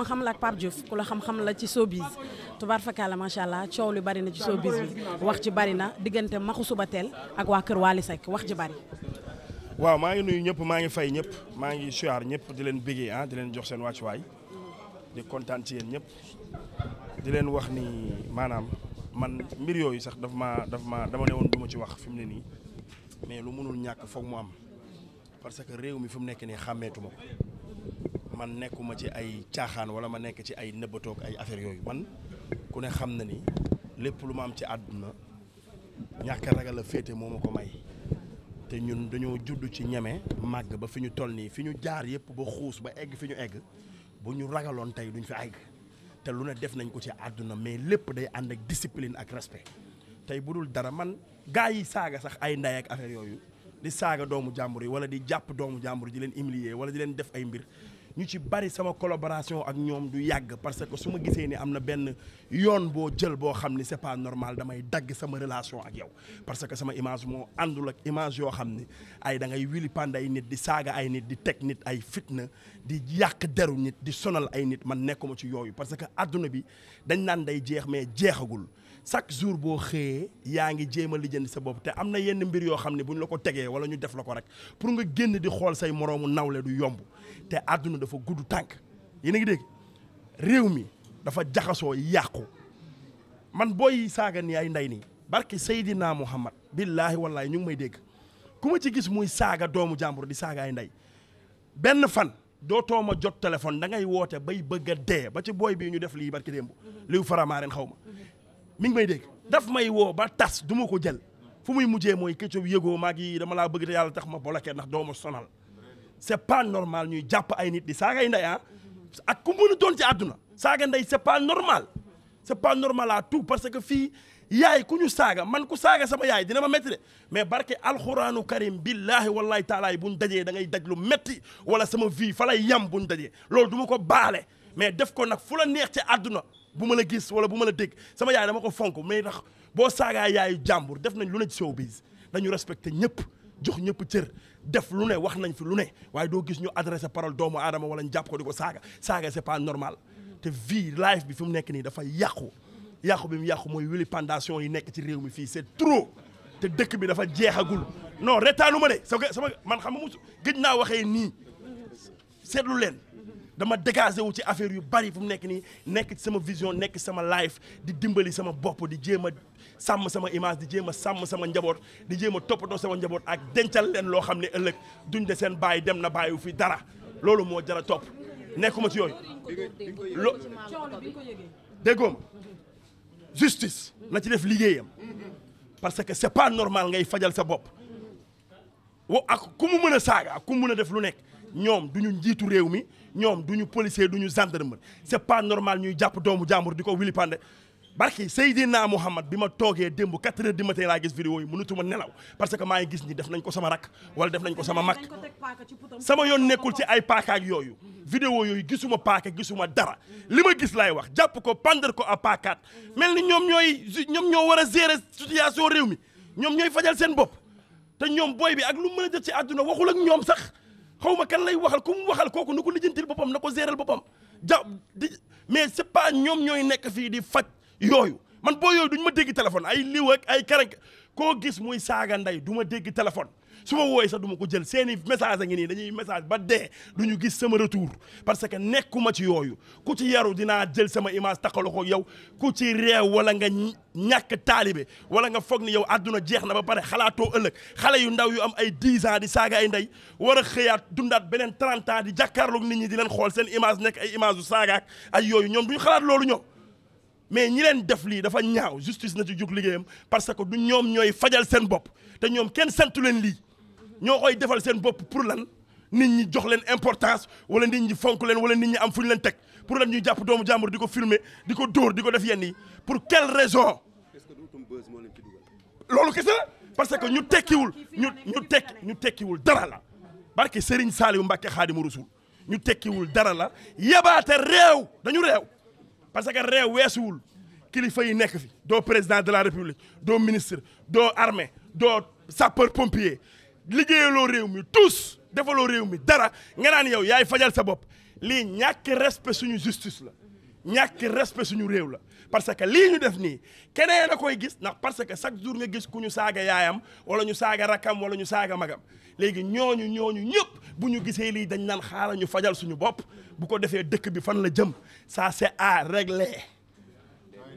ma xam la ak Pape Diouf ku la xam-xam la ci showbiz tubaar fakala macha allah coow li bari na ci showbiz bi wax ci bari na diggante maxu suba teel ak waa kër Waly Seck wax ci bari. waaw maa ngi nuyu ñëpp maa ngi fay ñëpp maa ngi suyaar ñëpp di leen bégee ah di leen jox seen wàccuwaay di kontaan ci yéen ñëpp di leen wax ni maanaam man mbir yooyu sax daf ma daf ma dama ne woon du ma ci wax fi mu ne nii mais lu mënul ñàkk foog mu am parce que réew mi fi nekk man nekkuma ci ay caaxaan wala ma nekk ci ay nëbbatoog ay affaire yooyu man ku ne xam na ni lépp lu ma am ci àdduna ñàkk ragal a féete moom ma ko may te ñun dañoo judd ci ñeme màgg ba fi ñu toll nii fi ñu jaar yëpp ba xuus ba egg fi ñu egg bu ñu ragaloon tey duñ fi egg te lu ne def nañ ko ci àdduna mais lépp day ànd ak discipline ak respect tey bu dul dara man gaa yi saaga sax ay ndey ak affaire yooyu di saaga doomu jàmbur yi wala di jàpp doomu jàmbur di leen humilier wala di leen def ay mbir ñu ci bari sama collaboration ak ñoom du yàgg parce que su ma gisee ni am na benn yoon boo jël boo xam ni c'est pas normal damay dagg sama relation ak yow parce que sama image moo àndul ak image yoo xam ni ay da ngay wili pand ay nit di saaga ay nit di teg nit ay fitna di yàq deru nit di sonal ay nit man nekkuma ci yooyu parce que àdduna bi dañ naan day jeex mais jeexagul chaque jour boo xëyee yaa ngi jéem a jënd sa bopp te am na yenn mbir yoo xam ne bu ñu la ko tegee wala ñu def la ko rek pour nga génn di xool say moroomu nawle du yomb te àdduna dafa gudd tànk yéen a ngi dégg réew mi dafa jaxasoo yàqu man booy saaga ni ay ndey nii barke Seydina Muhammad billaahi wallaahi ñu ngi may dégg ku ma ci gis muy saaga doomu jàmbur di saaga ay ndey benn fan dootoo ma jot téléphone da ngay woote bay bëgg a dee ba ci booy bii ñu def lii barki démb liw faramaaren xaw ma mi ngi may dégg daf may woo ba tas du ko jël fu muy mujjee mooy Ketchup yëgoo maa ngi dama laa bëgg te yàlla tax ma bloqué ndax doo ma sonal c'est pas normal ñuy jàpp ay nit di saagay ndey ah ku mën a doon ci àdduna saaga ndey c'est pas normal c'est pas normal à tout parce que fii yaay ku ñu saaga man ku saaga sama yaay dina ma métti de mais barke alxuraanu karim billahi wallahi taalaay bu ñu dajee dangay ngay daj lu métti wala sama vie fa lay yam bu ñu dajee loolu du ko baale mais def ko nag fu la neex ci àdduna bu ma la gis wala bu ma la dégg sama yaay dama ko fonk mais ndax boo saagaa yaayu jàmbur def nañ lu ne ci showbiz dañu respecté ñëpp jox ñëpp cër def lu ne wax nañ fi lu ne waaye doo gis ñu adressé parole doomu aadama wala ñu ko di ko saaga saaga c'est pas normal te vie life bi fi mu nekk nii dafa yàqu yàqu bi mu yàqu mooy wili pendation yi nekk ci réew mi fii c'est trop te dëkk bi dafa jeexagul non lu ma de sama man xam nga musu gëj naa waxee nii seetlu leen dama dégagé wu ci affaire yu bari fu mu nekk nii nekk ci sama vision nekk sama life di dimbali sama bopp di jéem a sàmm sama image di jéem a sàmm sama njaboot di jéem a toppatoo sama njaboot ak dencal leen loo xam ne ëllëg duñ de seen bàyyi dem na bàyyiwu fi dara loolu moo jar a topp nekkuma ci yooyu. lo déggoom justice na ci def liggéeyam parce que c'est pas normal ngay fajal sa bopp wa ak ku mën a saaga ku mu mën a def lu nekk. ñoom du ñu njiitu réew mi ñoom du ñu policier du ñu gendarme c'est pas normal ñuy jàpp doomu jàmbur di ko wili pande barki Seydina Mouhamad bi ma toogee démb 4 heures du matin laa gis vidéo yi mënutuma nelaw parce que maa ngi gis ni def nañ ko sama rak wala def nañ ko sama mag sama yoon nekkul ci ay paaka ak yooyu video yooyu gisuma paaka gisuma dara li ma gis laay wax jàpp ko pandar ko à paakaat mel ni ñoom ñooy ñoom ñoo war a gérer situation réew mi ñoom ñooy fajal seen bopp te ñoom booy bi ak lu mën a jot ci àdduna waxul ak ñoom sax xaw ma kan lay waxal ku mu waxal kooku na ko lijjantil boppam na ko géral boppam ja di mais c'est pas ñoom ñooy nekk fii di faj yooyu man boo yooyu duñ ma dégg téléphone ay liw ay karank koo gis muy saaga ndey du ma dégg téléphone su ma wooyee sax du ko jël seeni message a ngi nii dañuy message ba dee du ñu gis sama retour parce que ma ci yooyu ku ci yaru dinaa jël sama image taxalu ko yow ku ci reew wala nga ñàkk taalibe wala nga foog ni yow àdduna jeex na ba pare xalaatoo ëllëg xale yu ndaw yu am ay 10 ans di saaga ay ndey war a xëyaat dundaat beneen 30 di jàkkaarloog nit ñi di leen xool seen image nekk ay image yu saagaak ay yooyu ñoom duñu xalaat loolu ñoom mais ñi leen def lii dafa ñaaw justice na ci jug liggéeyam parce que du ñoom ñooy fajal seen bopp te ñoom kenn sentu leen lii ñoo koy defal seen bopp pour lan nit ñi jox leen importance wala nit ñi fonk leen wala nit ñi am fu ñu leen teg pour lan ñuy jàpp doomu jàmbur di ko filmer di ko dóor di ko def yenn yi pour quelle raison. est-ce que loolu kese la parce que ñu tekkiwul ñu ñu tekki ñu tekkiwul dara la barke Serigne Saliou Mbacke mu Rasuul ñu tekkiwul dara la yabaate réew dañu réew parce que réew weesuwul kilifa yi nekk fi doo président de la république doo ministre doo armée doo sappeur pompier. liggéeyaloo réew mi tous defaloo réew mi dara nga naan yow yaay fajal sa bopp lii ñàkk respect suñu justice la ñàkk respect suñu réew la parce que lii ñu def nii keneen a koy gis ndax parce que chaque jour nga gis ku ñu saaga yaayam wala ñu saaga rakkam wala ñu saaga magam léegi ñooñu ñooñu ñëpp bu ñu gisee lii dañ naan xaaral ñu fajal suñu bopp bu ko defee dëkk bi fan la jëm saa c'est à régler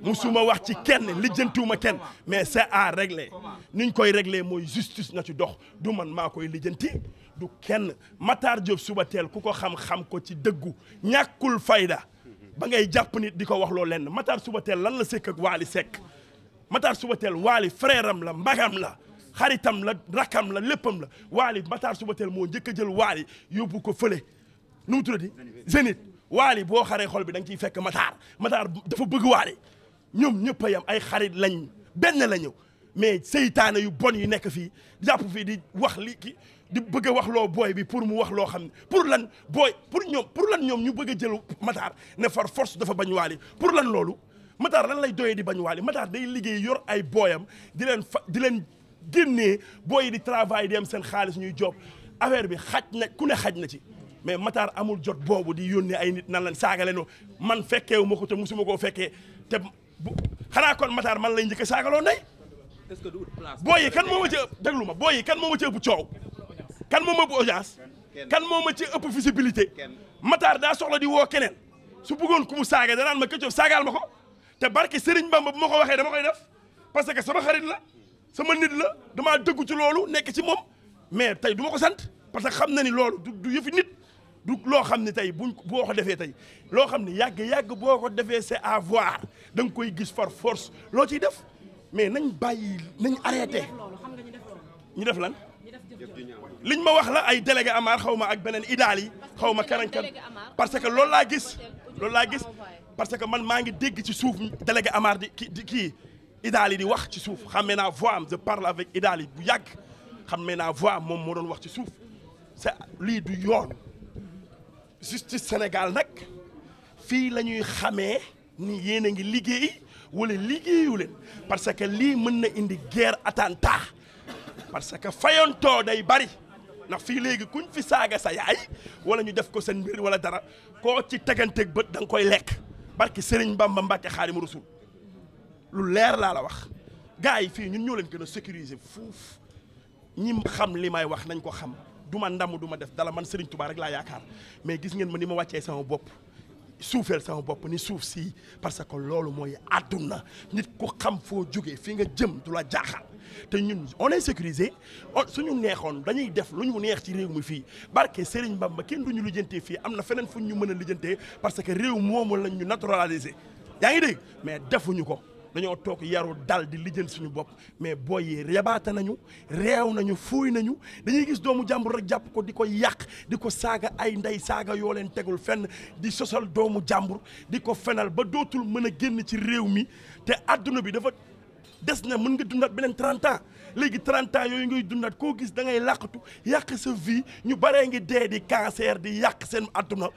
musuma wax ci kenn lijjantiwuma kenn mais c'est à régler ni ñu koy régler mooy justice na ci dox du man maa koy lijjanti du kenn Matar Diop suba teel ku ko xam-xam ko ci dëggu ñàkkul fayda ba ngay jàpp nit di ko wax loo lenn Matar suba teel lan la sekk ak Waly Seck Matar suba teel Waly frère la mbagam la xaritam la rakam la léppam la Waly Matar suba teel moo njëkk a jël Waly yóbbu ko fële nu mu tuddati Zénith Waly boo xaree xol bi da nga ciy fekk Matar Matar dafa bëgg Waly ñoom ñëpp a yem ay xarit lañ benn la ñëw mais seytaane yu bon yu nekk fii jàpp fii di wax li ki di bëgg a wax loo booy bi pour mu wax loo xam ne pour lan booy pour ñoom pour lan ñoom ñu bëgg a jël Matar ne far force dafa bañ waali pour lan loolu Matar lan lay doyee di bañ waali Matar day liggéey yor ay booyam di leen fa di leen génnee booy di travail di am seen xaalis ñuy job affaire bi xaj na ku ne xaj na ci mais Matar amul jot boobu di yónnee ay nit nan lan saagale no man fekkeewu ma ko te musuma koo fekkee te bu xanaa kon Matar man lay njëkk a saagaloo ndey. est que du place booy yi kan moo ma ci ëpp déglu ma boo yi kan moo ma ci ëpp coow. kan moom a ëpp audience. kan moo ma ci ëpp visibilité. Matar daa soxla di woo keneen. su buggoon ku mu saaga danaan ma Ketchup saagaal ma ko te barke Serigne Bamba bu ma ko waxee dama koy def parce que sama xarit la sama nit la damaa dëggu ci loolu nekk ci moom mais tey duma ko sant parce que xam na ni loolu du du yëfi nit. du loo xam ne tey buñ boo ko defee tey loo xam ne yàgg yàgg boo ko defee c'est à voir da nga koy gis par force loo ciy def mais nañ bàyyi nañ arrêté ñu def lan liñ ma wax la ay délégué Amar xaw ma ak beneen idaal yi xaw ma kan parce que loolu laa gis loolu laa gis parce que man maa ngi dégg ci suuf délégué Amar di ki di kii idaal yi di wax ci suuf xammee naa voix am je parle avec idaal yi bu yàgg xammee naa voix moom moo doon wax ci suuf c'est lii du justice Sénégal nag fii la ñuy xamee ni yéen a ngi liggéey wala liggéeyu parce que lii mën na indi guerre attentat parce que fayantoo day bari ndax fii léegi kuñ fi saaga sa yaay wala ñu def ko seen mbir wala dara koo ci teganteeg bët da koy lekk barki Serigne Bamba Mbacke Xaadimu Rasuul lu leer laa la wax gars yi fii ñun ñoo leen gën a sécuriser fuuf ñi xam li wax nañ ko xam. du ma ndam du ma def dala man Serigne rek laa yaakaar mais gis ngeen ma ni ma wàccee sama bopp suufeel sama bopp ni suuf si parce que loolu mooy àdduna nit ku xam foo jógee fii nga jëm du la jaaxal te ñun on est sécurisé suñu neexoon dañuy def lu ñu neex ci réew mi fii barke Serigne Bamba kenn du ñu lijjantee fii am na feneen fu ñu mën a lijjantee parce que réew moomu lañ ñu naturalisé yaa ngi dégg mais defuñu ko. dañoo toog yaru dal di lijjal suñu bopp mais booy yi rebaate nañu réew nañu fuuy nañu dañuy gis doomu jàmbur rek jàpp ko di ko yàq di ko saaga ay ndey saaga yoo leen tegul fenn di sosal doomu jàmbur di ko fenal ba dootul mën a génn ci réew mi te adduna bi dafa des na mën nga dundaat beneen 30 léegi 30 yooyu ngay dundaat koo gis dangay ngay làqatu yàq sa vie ñu baree ngi dee di cancer di yàq seen adduna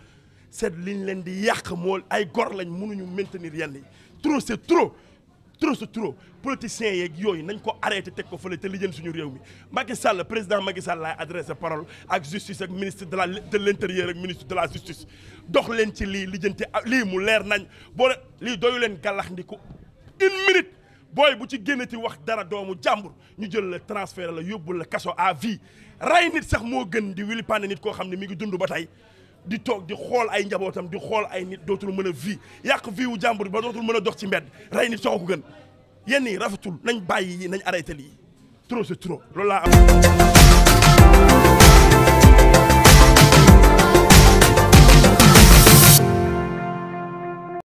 seet liñ leen di yàq mool ay gor lañ mënuñu maintenir yenn yi trop c'est trop c'est trop politiciens yeeg yooyu nañ ko arrêté teg ko fële te li jël suñu réew mi Macky Sall président Macky Sall laay adressé parole ak justice ak ministre de la de l' intérieur ak de la justice leen ci lii lijjanti lii mu leer nañ boo lii doyu leen gàllax ndiku une minute booy bu ci génnati wax dara doomu jàmbur ñu jël la transfert la yóbbu la kaso à vie rey nit sax moo gën di wili pande nit koo xam ne mi ngi dund ba tey di toog di xool ay njabootam di xool ay nit dootul mën a vii yàq vie wu jàmbur ba dootul mën a dox ci mbedd rey nit soxo ko gën yenn yi rafetul nañ bàyyi yi nañ arrêté lii trop c'est trop loolu laa am